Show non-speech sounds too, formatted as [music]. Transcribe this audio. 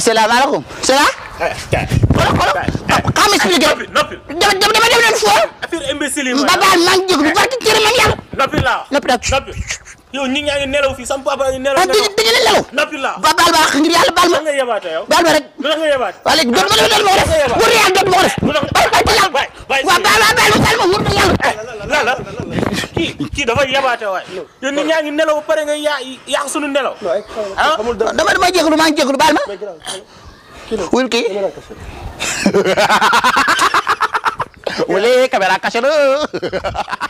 salaamaaleykum. Sala. Kaay xoolal xoolal. xam expliqué. noppi dama dama dama dem leen ba baal maa ngi jégalu barki cërë man yàlla. noppi laa noppi daal noppi. yow ñi ñaa ngi nelaw fii sama papa ngi nelaw. Ah, dañu ba baal ba ngir yàlla baal ma. nga yebaate yow baal ma rek. nga yebaate. wala dootuma dootuma ko def. [laughs] kii dafa yabaate waay. ñaa ngi nelaw ba pare nga yaa sunu nelaw. ah dama dama jégalu maa ngi jégalu baal ma. wul kii. [laughs] wala caméra cachée la. [laughs]